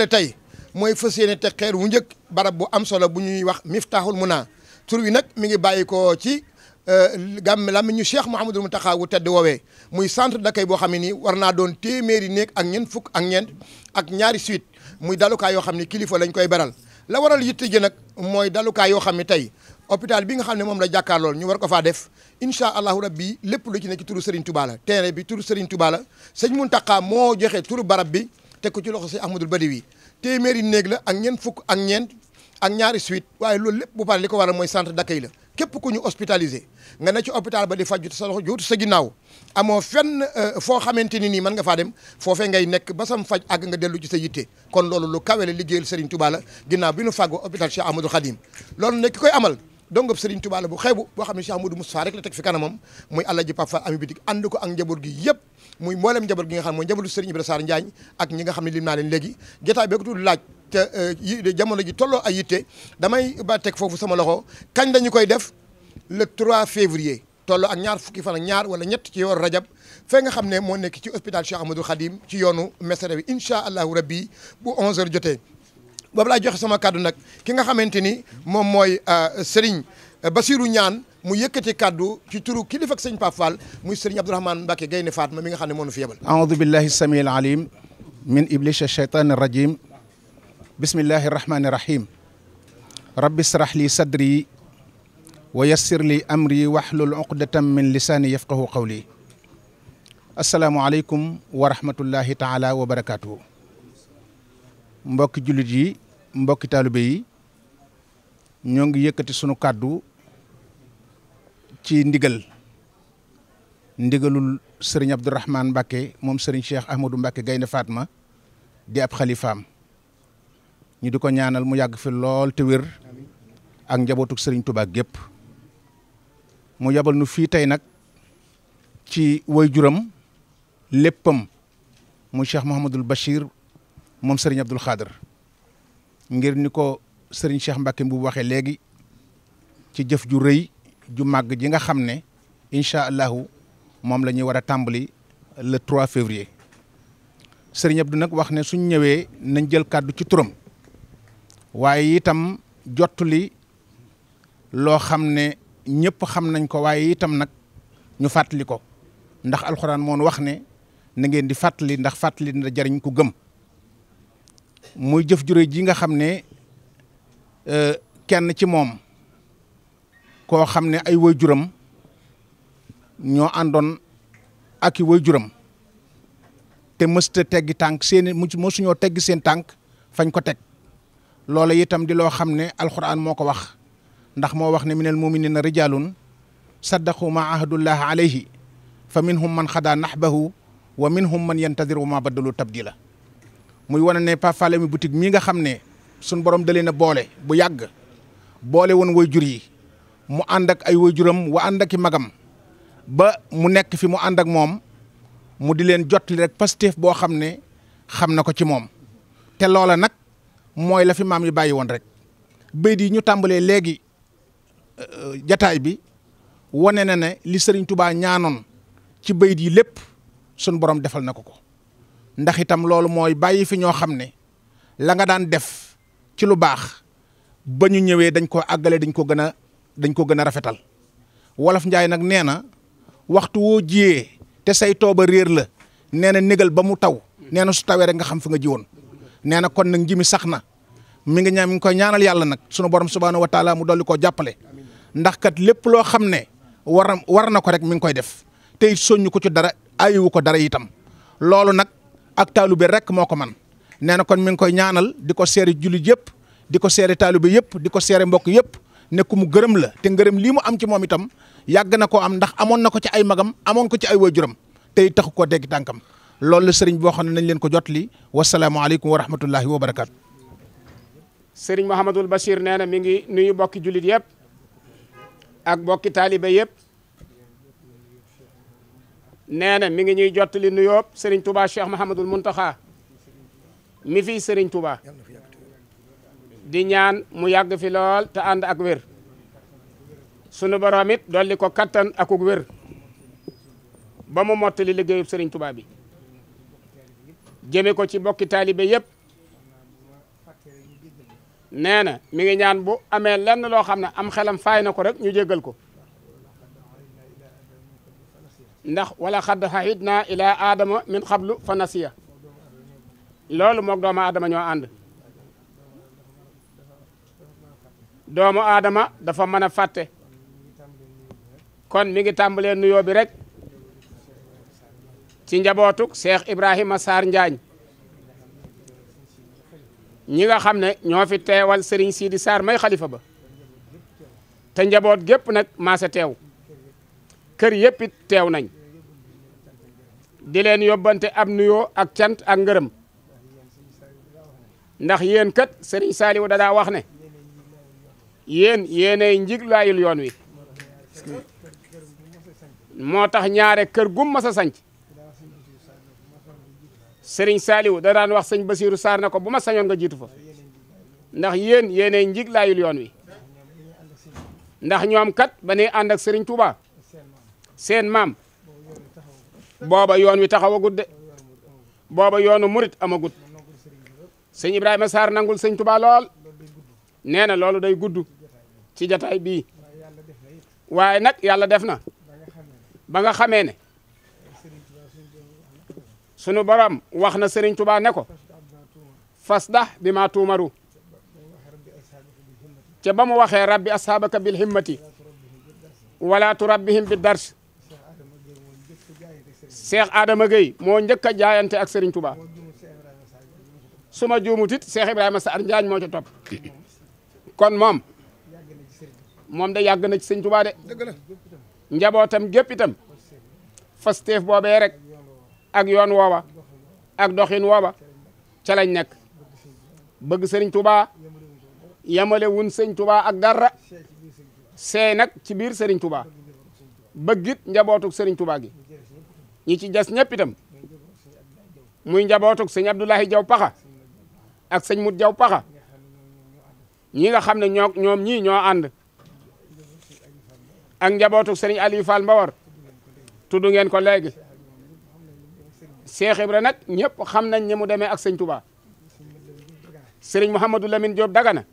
jàppale tey mooy fas yéene teg xeer wu njëkk barab bu am solo bu ñuy wax miftaaxul mu naa tur wi nag mi ngi bàyyi ko ci euh, gàmm làmmiñ ñu Cheikh mu Mountakha wu tedd woowee muy centre d'accueil boo xam ne nii war naa doon téeméeri néeg ak ñeent fukk ak ñeent ak ñaari suite muy dalukaay yoo xam ne kilifa lañ koy beral la waral yitte ji nag mooy dalukaay yoo xam ne tey hôpital bi nga xam ne moom la jàkkaarlool ñu war ko faa def incha allahu rabbi lépp lu ci ne ci turu Serigne terrain bi turu Serigne Touba la sëñ Mountakha moo joxe turu barab bi teg ko ci loxo si Sëñ Ahmadul Badawi téeméeri néeg la ak ñeent fukk ak ñeent ak ñaari suite waaye loolu lépp bu pare li ko waral mooy centre d'accueil la képp ku ñu hospitalisé nga ne ci hôpital ba di faj sa loxo juutu sa ginnaaw amoo fenn euh, foo xamante ni nii mën nga faa dem foofee ngay nekk ba sam faj ak nga dellu ci sa yitte kon loolu lu kawe la liggéeyal Serigne Touba la ginnaaw bi nu fàggoo hôpital Cheikh Ahmadou Khadim loolu nekk koy amal dongab Serigne Touba la bu xeebu boo xam ne Cheikh Amadou Moustapha rek la teg fi kanamam muy Alaaji Pape Fall ami bitik ànd ko ak njaboot gi yëpp muy mboolem njaboot gi nga xam mooy njabootu ak ñi nga xam ne lim naa leen léegi jotaay bi ko laaj te euh, jamono ji tolloo ay yitte damay ba teg foofu sama loxo kañ dañu koy def le trois février tolloo ak ñaar fukki fan ak ñaar wala ñett ci yoonu rajab fee nga xam ne moo nekk ci hôpital Cheikh Ahmadou Khadim ci yoonu mesere bi incha allahu ra bu 11h jotee boobu laay joxe sama kàddu nag ki nga xamante ni moom mooy euh, Serigne euh, Basirou Ñaan mu yëkkati kàddu ci turu kilifa ak sëñ Pape Fall muy Serigne Abdourahmane Mbacke Gaynde ma mi nga xam ne moo nu fi yebal aoudu billahi samii alim min iblis ashaytan arrajim bismillahi arrahmani irrahim rabbi israh li sadri wa yassir li amri wahlul uqdatan min lisaani yafqahu qawli asalaamualeykum wa rahmatullahi taala wa barakatuhu mbokki jullit yi mbokki taalibe yi ñoo ngi yëkkati sunu kàddu ci ndigal ndigalul sëriñ Abdourahman Mbacke moom sëriñ Cheikh Ahmadou Mbacke Gaynde Fatma di ab xalifaam ñu di ko ñaanal mu yàgg fi lool te wér ak njabootuk sëriñ Touba gépp mu yabal nu fii tey nag ci way juram léppam mu Cheikh Mouhamadul bashir moom sëriñ Abdul Xaadir ngir ni ko sëriñ Cheikh Mbacke bu waxee léegi ci jëf ju rëy ju màgg ji nga xam ne incha allahu moom la ñuy war a tàmbali le 3 février sëriñ Abdou nag wax ne suñ ñëwee nañ jël kàddu ci turam waaye itam jottali loo xam ne ñëpp xam nañ ko waaye itam nag ñu fàttali ko ndax alxuraan moon wax ne na ngeen di fàttali ndax fàttali na jariñ ku gëm. muy jëf jure ji nga xam ne euh, kenn ci moom koo xam ne ay waajuram ñoo àndoon aki i juram te mësta teggi tànk seeni mësuñoo teggi seen tànk fañ ko teg loola yitam di loo xam ne alxuraan moo ko wax ndax moo wax ne minal muminina rijalun saddaqu ma ahadullah alayhi fa minhum man xadaa naxbahu wa minhum man yantadir wa ma baddalu tabdila muy wane ne Pape Fallé mi boutique mii nga xam ne suñ borom dalee na boole bu yàgg boole woon way jur yi mu ànd ay way juram wa ànd ak i magam ba mu nekk fi mu ànd ak moom mu di leen jottali rek Pastef boo xam ne xam na ko ci moom te loola nag mooy la fi maam yi bàyyi woon rek béykat yi ñu tàmbalee léegi euh, jataay bi wane na ne li Serigne Touba ñaanoon ci béykat yi lépp sunu borom defal na ko ko. ndax itam loolu mooy bàyyi fi ñoo xam ne la nga daan def ci lu baax ba ñu ñëwee dañ ko àggale dañ ko gën a dañ ko gën a rafetal wolof njaay nag nee na waxtu woo jiyee te say ba réer la nee na négal ba mu taw nee na su tawee rek nga xam fi nga ji woon nee kon nag nji mi sax na mi ngi ñaan mi ngi koy ñaanal yàlla nag sunu borom subhaanahu wa taala mu dolli koo jàppale ndax kat lépp loo xam ne war war na ko rek mi ngi koy def tey soññ ko ci dara ayiwu ko dara itam loolu ak taalube rek moo ko man nee na kon mi ngi koy ñaanal di ko seere jullit yëpp di ko seere taalube yëpp di ko seere mbokk yëpp ne ku mu gërëm la te ngërëm lii mu am ci moom itam yàgg na koo am ndax amoon na ko ci ay magam amoon ko ci ay waajuram tey taxu koo dégg tànkam loolu la sëriñ boo xam ne nañ leen ko jot li wasalaamaaleykum wa rahmatullahi wa barakaatu. sëriñ Mouhamadul Bachir nee na mi ngi nuyu mbokki jullit yëpp ak mbokki taalibe yëpp. nee na mi ngi ñuy jottali nuyoo Serigne Touba Cheikh Mouhamadul Mountakha mi fii Serigne Touba di ñaan mu yàgg fi lool te ànd ak wér sunu borom it dolli ko kattan akuk wér ba mu mottali liggéeyub Serigne tubaa bi jëme ko ci bokki taalibe yëpp nee na mi ngi ñaan bu amee lenn loo xam ne am xelam faay na ko rek ñu jéggal ko. ndax walla xadd xahid naa ilaa aadama min xablu fa nasiya loolu moog doomu aadama ñoo ànd doomu aadama dafa mën a fàtte kon mi ngi tàmbalee nuyoo bi rek ci njabootuk Cheikh Ibrahima Sarr Njaañ ñi nga xam ne ñoo fi teewal Serigne Sidi Sarr may xalifa ba te njaboot gépp nag maase teew kër yëpp teew nañ di leen yóbbante ab nuyoo ak cant ak ngërëm ndax yéen kat Serigne Saliou dadaa wax ne yéen yéenay layul yoon wi moo tax ñaare kër gum masa sañc sanc Serigne Saliou da daan wax sëñ Basiirou Sarr na ko bu ma sañoon nga jiitu fa ndax yéen yéenay njiglaayul yoon wi ndax ñoom kat ba ñuy ànd ak Serigne Touba seen maam booba yoon wi taxawagut de booba yoonu murit amagut sëñ Ibrahima Sarr nangul sëñ Tuubaa lool nee na loolu day gudd ci jataay bii waaye nag yàlla def na ba nga xamee ne sunu borom wax na sëriñ Tuubaa ne ko fasdah bi ma tuumaru ca ba mu waxee rabbi ashaabaka bil himmati wala turabbihim bi dars Cheikh Adama Gueye moo njëkk a jaayante ak Serigne Touba su ma juumut it Cheikh Ibrahima Sarr Njaañ moo ca topp kon moom moom da yàgg na ci Serigne Touba de njabootam gépp itam fasteef boobee rek ak yoon woowa ak doxin wooba ca lañ nekk bëgg Serigne Touba yamale wun Serigne Touba ak dara seey nag ci biir Serigne Touba bëggit njabootuk Serigne Touba gi ñi ci des ñëpp muy njabootug sëñ Abdoulahi Jaw Paxa ak sëñ Mut Jaw Paxa ñi nga xam ne ñoo ñoom ñii ñoo ànd ak njabootug sëriñ Aliou Fall Mbawar tudd ngeen ko léegi Cheikh Ibra nag ñëpp xam nañ ne mu demee ak sëñ Touba sëriñ Mouhamadou Lamine Diop Dagana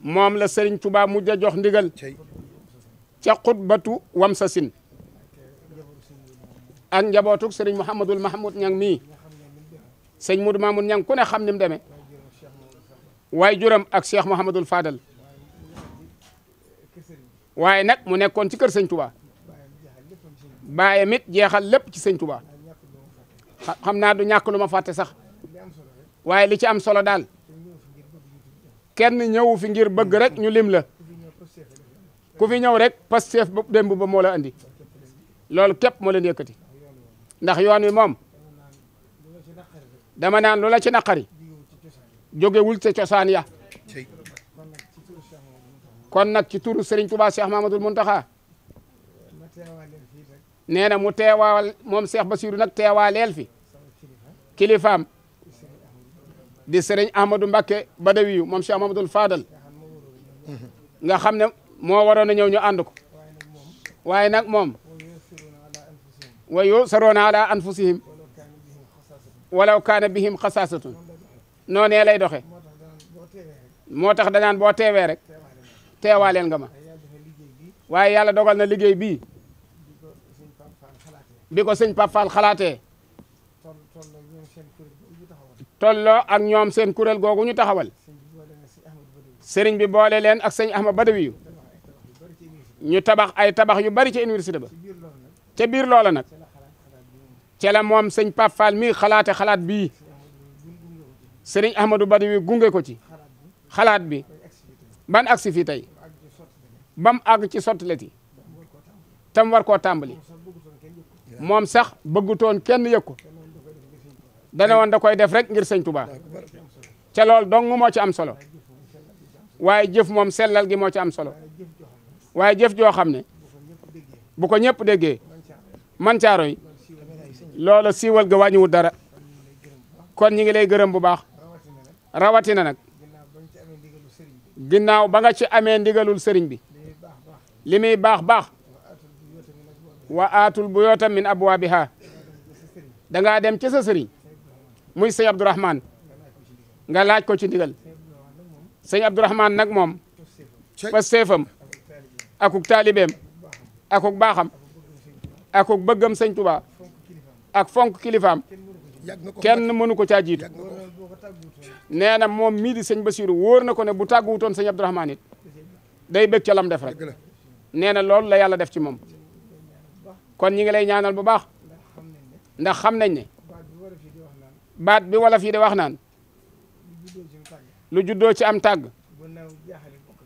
moom la sëriñ Touba mujj a jox ndigal ca xutbatu wam sin ak njabootug sëriñ Mouhamadul Mahmoud ñang mii sëñ Moudou ma ñang ku ne xam ni mu demee waaye juram ak Cheikh Mouhamadul Fadal waaye nag mu nekkoon ci kër sëñ Touba bàyyam jeexal lépp ci sëñ xam naa du ñàkk lu fàtte sax waaye li ci am solo daal kenn ñëwu fi ngir bëgg rek ñu lim la ku fi ñëw rek Pastef ba démb ba moo la andi loolu képp moo leen yëkkati ndax yoon wi moom dama naan lu la ci naqari jógewul te cosaan ya kon nag ci turu Serigne Touba Cheikh Mamadou Mountakha mu teewaal moom Cheikh Bassirou nag teewaaleel fi kilifaam di Serigne Ahmadou Mbacké Badawiyu moom Cheikh Mamadou Fadal nga xam ne moo waroon a ñëw ñu ànd waaye nag moom. wa yusaroona ala anfusihim walaw kaana bihim xasaasatun noonee lay doxe moo tax danaan boo teewee rek teewaaleel nga ma waaye yàlla dogal na liggéey bii bi ko sëñ Pape Fall xalaatee tolloo ak ñoom seen kuréel googu ñu taxawal sëriñ bi boole leen ak sëñ Ahmad Badawi ñu tabax ay tabax yu bari ci université ba ca biir loola nag cela moom sëñ Pape Fall mii xalaate xalaat bii sëriñ Ahmadou Badawi gunge ko ci xalaat bi ban agsi fii tey ba mu àgg ci sottileti tam war koo tàmbali moom sax bëggutoon kenn yëg ko dana woon da koy def rek ngir sëñ Touba ca lool dong moo ci am solo waaye jëf moom sellal gi moo ci am solo waaye jëf joo xam ne bu ko ñëpp deggee man caaro Caaroy loola siiwal ga wàññiwul dara kon ñi ngi lay gërëm bu baax rawatina nag ginnaaw ba nga ci amee ndigalul sëriñ bi li baax baax wa aatul bu yoota min abwaabiha da ngaa dem ci sa sëriñ muy sëñ Abdourahman nga laaj ko ci ndigal sëñ Abdourahman nag moom pas seefam akuk taalibeem akuk baaxam ak bëggam sëñ Tuubaa ak fonk kilifaam kenn mënu ko caa jiitu na moom mii di Basiiru wóor na ko ne bu tàgguwutoon sëñ Abdourahmane it day bëgg ca lam def rek nee na loolu la yàlla def ci moom kon ñi ngi lay ñaanal bu baax ndax xam nañ ne baat bi wala fii de wax naan lu juddoo ci am tàgg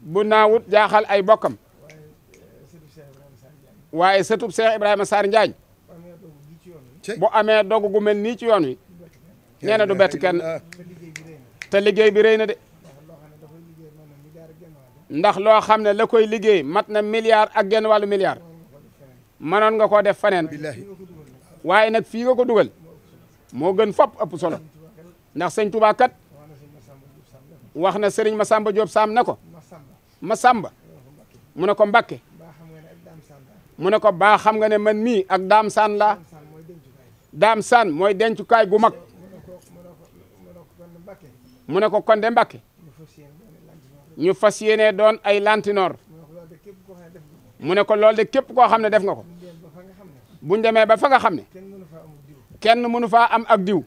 bu naawut jaaxal ay bokkam waaye sëtub Cheikh Ibrahima Sarr Njaañ bu amee dogu gu mel nii ci yoon wi nee du bett kenn te liggéey bi rëy na de ndax loo xam ne la koy liggéey mat na milliard ak genn wàllu milliard mënoon nga koo def faneen waaye nag fii nga ko dugal moo gën fopp ëpp solo ndax sëñ Tuubaa kat wax na sëriñ Masamba Diop Sam na ko Masamba mu ne ko Mbakke mu ne ko baax xam nga ne man mii ak daam saan laa daam saan mooy dencukaay gu mag mu ne ko kon de Mbàkke ñu fas yéene doon ay lantinoor mu ne ko loolu de képp koo xam ne def nga ko buñ demee ba fa nga xam ne kenn mënu faa am ak diw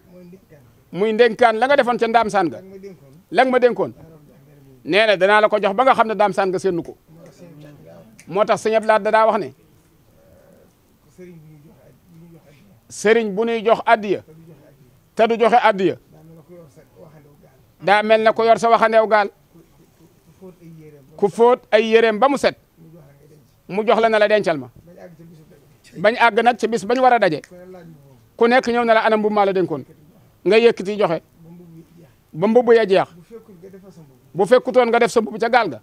muy ndénkaan la nga defoon ca ndaam saan ga la nga ma dénkoon nee na danaa la ko jox ba nga xam ne daam saan ga séenu ko moo tax sëñ Abdou dadaa wax ne sëriñ bu ñuy jox addiya. te du joxe addiya. daa mel na ko yor sa waxandew gaal. ku fóot ay yéreem ba mu set. mu jox la na la dencal ma. bañ àgg nag ci bis bañ war a daje. ku nekk ñëw na la anam bu maa la dénkoon. nga yëkkati joxe. ba mbubb ya jeex. bu fekkutoon nga def sa mbubb ca gaal ga.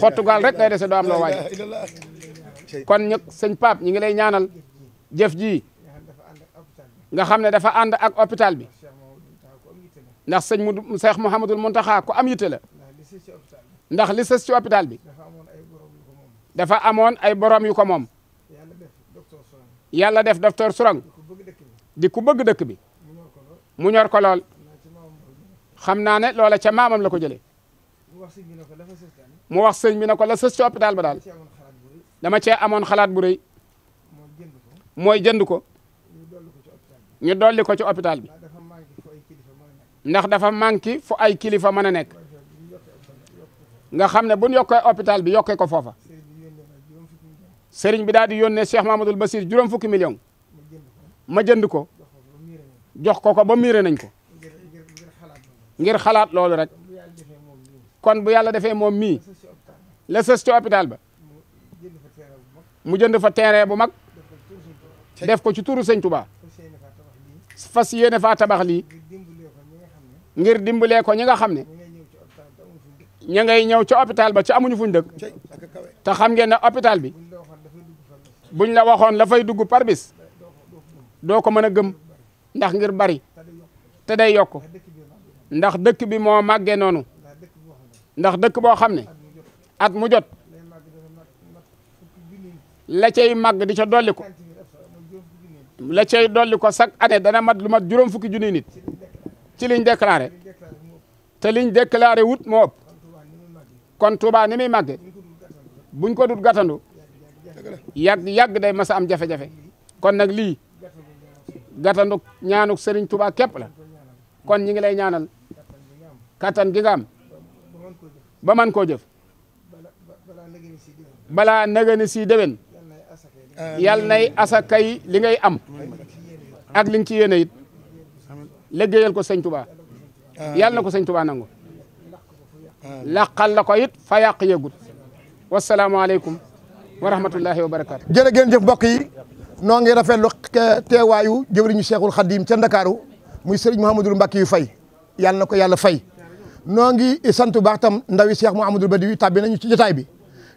xottu gaal rek ngay dese doo am loo waaj. kon ñu sëñ Pape ñu ngi lay ñaanal jëf ji nga xam ne dafa ànd ak hôpital bi ndax sëñ mu seex Cheikh Mouhamadul Mountakha ku am yitte la ndax li sës ci hôpital bi dafa amoon ay borom yu ko moom yàlla def docteur Sourang di ku bëgg dëkk bi mu ñor ko lool xam naa ne loola ca maamam la ko jëlee mu wax sëñ bi ne ko la sës ci hôpital ba daal dama cee amoon xalaat bu rëy mooy jënd ko ñu dolli ko ci hôpital bi ndax dafa manqué fu ay kilifa mën a nekk nga xam ne bu ñu yokkee hôpital bi yokkee ko foofa sëriñ bi daal di yónnee Cheikh Mamadou Bassir juróom fukki million ma jënd ko jox ko ko ba miire nañ ko ngir xalaat loolu rek kon bu yàlla defee moom mii la sës ci hôpital ba. mu jënd fa terrain bu mag def ko ci turu sëñ Touba fas yéene faa tabax lii ngir dimbalee ko ñi nga xam ne ña ngay ñëw ca hôpital ba ci amuñu fuñ dëkk te xam ngeen ne hopital bi buñ la waxoon la fay dugg par bis doo ko mën a gëm ndax ngir bari te day yokk ndax dëkk bi moo màggee noonu ndax dëkk boo xam ne at mu jot la cay màgg di ca dolli ko la cay dolli ko chaque année dana mat lu mat juróom fukki junniy nit ci liñ déclaré te liñ déclaré wut moo ëpp kon Touba ni muy buñ ko dut gàttandu yàgg yàgg day mas am jafe-jafe kon nag lii gàttandu ñaanuk sëriñ Touba képp la kon ñi ngi lay ñaanal kattan gi nga ba man koo jëf balaa nagani sii déwén Euh, yàlla nay asakay li ngay am ak li nga ci yéene it liggéeyal ko sëñ Tuba yàlla na ko sëñ Tuba nangu làqal la ko it fa yàq yëgut wasalaamaaleykum wa rahmatullahi wa barakaatu. jërëjëf mbokk yi noo ngi rafetlu teewaayu jëwriñu Cheikhul Khadim ca Ndakaaru muy sëriñ Mouhamadul Mbacke yu fay yàlla na ko yàlla fay noo ngi sant baax tam ndawi Cheikh Mouhamadul Badi wi tàbbi nañu ci jotaay bi.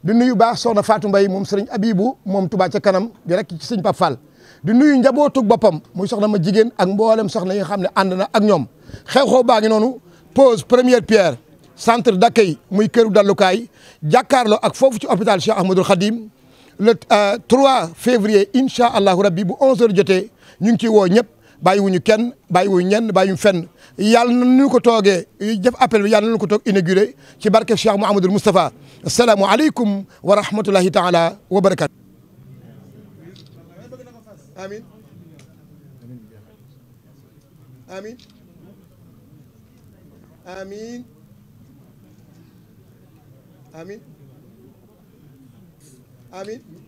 di nuyu baax soxna Fatou Mbaye moom sëriñ Abibou moom Touba ca kanam di ci sëñ Pape Fall nuyu njabootug boppam muy soxna ma jigéen ak mboolem soxna yi nga xam ne ànd na ak ñoom xew-xew baa ngi noonu pose première pierre centre d'accueil muy këru dallukaay jàkkaarloo ak foofu ci hôpital Cheikh Ahmadoul Khadim le 3 euh, février incha allahu rabbi bu 11h jotee ñu ngi ciy woo ñëpp bàyyiwuñu kenn bàyyiwuñu ñenn bàyyiwuñu fenn yàlla na ñu ko toogee jëf appel bi yàlla na ñu ko toog inauguré ci barke Cheikh Mouhamadul Moustapha asalaamualeykum wa rahmatulahi taala wa barakatu. amiin amiin amiin amiin amiin